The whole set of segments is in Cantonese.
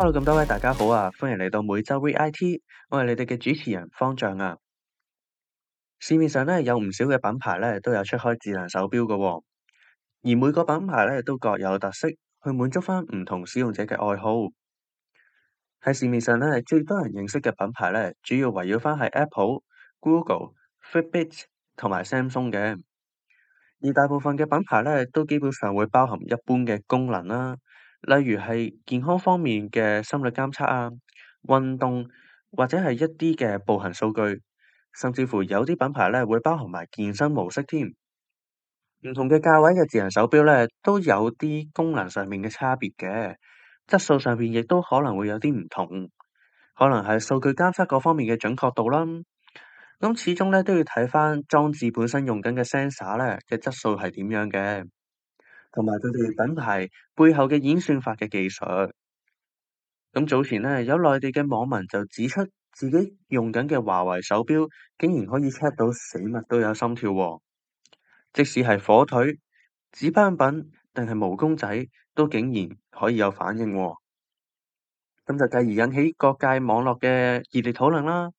Hello，咁多位大家好啊！歡迎嚟到每週 Read IT，我係你哋嘅主持人方丈啊。市面上呢，有唔少嘅品牌呢都有出開智能手錶嘅喎，而每個品牌呢，都各有特色，去滿足翻唔同使用者嘅愛好。喺市面上呢，最多人認識嘅品牌呢，主要圍繞返係 Apple、Google、Fitbit 同埋 Samsung 嘅。而大部分嘅品牌呢，都基本上會包含一般嘅功能啦。例如係健康方面嘅心率監測啊、運動或者係一啲嘅步行數據，甚至乎有啲品牌咧，會包含埋健身模式添。唔同嘅價位嘅智能手錶咧，都有啲功能上面嘅差別嘅，質素上邊亦都可能會有啲唔同，可能係數據監測嗰方面嘅準確度啦。咁始終咧都要睇翻裝置本身用緊嘅 sensor 咧嘅質素係點樣嘅。同埋佢哋品牌背後嘅演算法嘅技術，咁早前呢有內地嘅網民就指出，自己用緊嘅華為手錶竟然可以 check 到死物都有心跳喎，即使係火腿、紙斑品定係毛公仔，都竟然可以有反應喎。咁就繼而引起各界網絡嘅熱烈討論啦。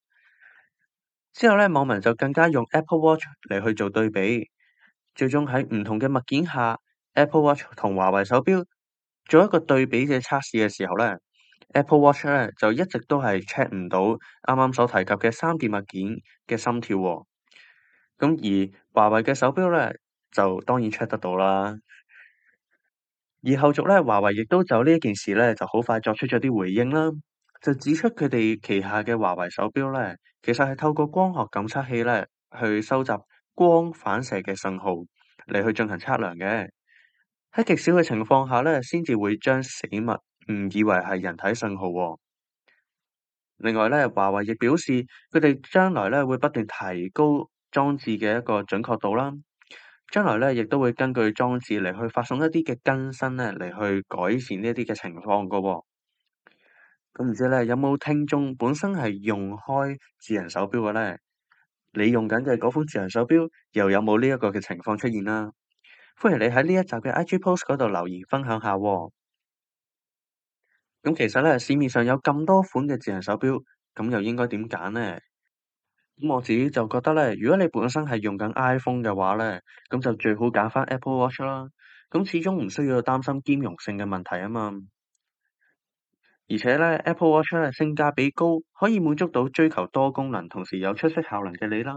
之後呢，網民就更加用 Apple Watch 嚟去做對比，最終喺唔同嘅物件下。Apple Watch 同華為手錶做一個對比嘅測試嘅時候呢，Apple Watch 呢就一直都係 check 唔到啱啱所提及嘅三件物件嘅心跳喎，咁而華為嘅手錶呢，就當然 check 得到啦。而後續呢，華為亦都就呢件事呢就好快作出咗啲回應啦，就指出佢哋旗下嘅華為手錶呢，其實係透過光學感測器呢去收集光反射嘅信號嚟去進行測量嘅。喺極少嘅情況下咧，先至會將死物誤以為係人體信號。另外咧，華為亦表示佢哋將來咧會不斷提高裝置嘅一個準確度啦。將來咧亦都會根據裝置嚟去發送一啲嘅更新咧嚟去改善呢一啲嘅情況㗎。咁唔知咧有冇聽眾本身係用開智能手錶嘅咧？你用緊嘅嗰款智能手錶又有冇呢一個嘅情況出現啦？歡迎你喺呢一集嘅 IG post 嗰度留言分享下啊。咁其實呢，市面上有咁多款嘅智能手錶，咁又應該點揀呢？咁我自己就覺得呢，如果你本身係用緊 iPhone 嘅話呢，咁就最好揀翻 Apple Watch 啦。咁始終唔需要擔心兼容性嘅問題啊嘛。而且呢，Apple Watch 呢性價比高，可以滿足到追求多功能同時有出色效能嘅你啦。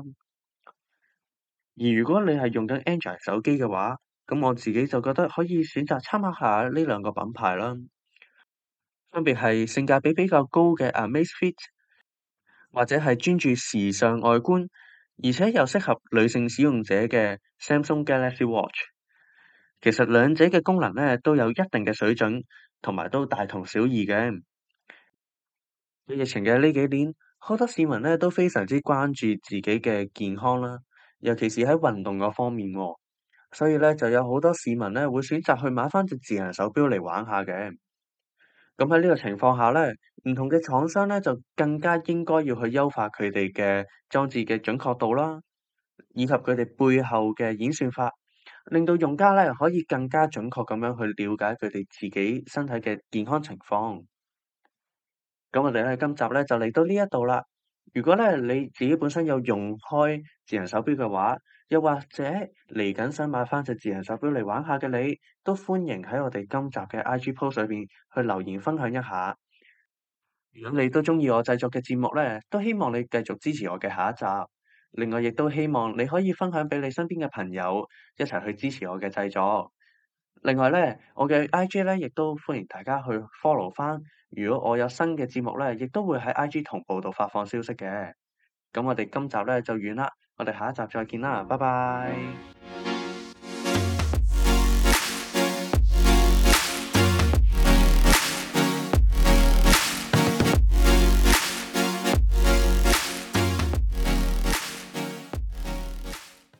而如果你係用緊 Android 手機嘅話，咁我自己就覺得可以選擇參考下呢兩個品牌啦，分別係性價比比較高嘅 Amazfit，或者係專注時尚外觀，而且又適合女性使用者嘅 Samsung Galaxy Watch。其實兩者嘅功能咧都有一定嘅水準，同埋都大同小異嘅。疫情嘅呢幾年，好多市民咧都非常之關注自己嘅健康啦，尤其是喺運動嗰方面喎、哦。所以咧，就有好多市民咧，會選擇去買翻隻智能手錶嚟玩下嘅。咁喺呢個情況下咧，唔同嘅廠商咧，就更加應該要去優化佢哋嘅裝置嘅準確度啦，以及佢哋背後嘅演算法，令到用家咧可以更加準確咁樣去了解佢哋自己身體嘅健康情況。咁我哋咧今集咧就嚟到呢一度啦。如果咧你自己本身有用開智能手錶嘅話，又或者嚟緊新買翻隻智能手錶嚟玩下嘅你，都歡迎喺我哋今集嘅 IG post 裏邊去留言分享一下。如果、嗯、你都中意我製作嘅節目咧，都希望你繼續支持我嘅下一集。另外，亦都希望你可以分享俾你身邊嘅朋友一齊去支持我嘅製作。另外咧，我嘅 IG 咧亦都歡迎大家去 follow 翻。如果我有新嘅節目呢，亦都會喺 IG 同步度發放消息嘅。咁我哋今集呢就完啦，我哋下一集再見啦，拜拜。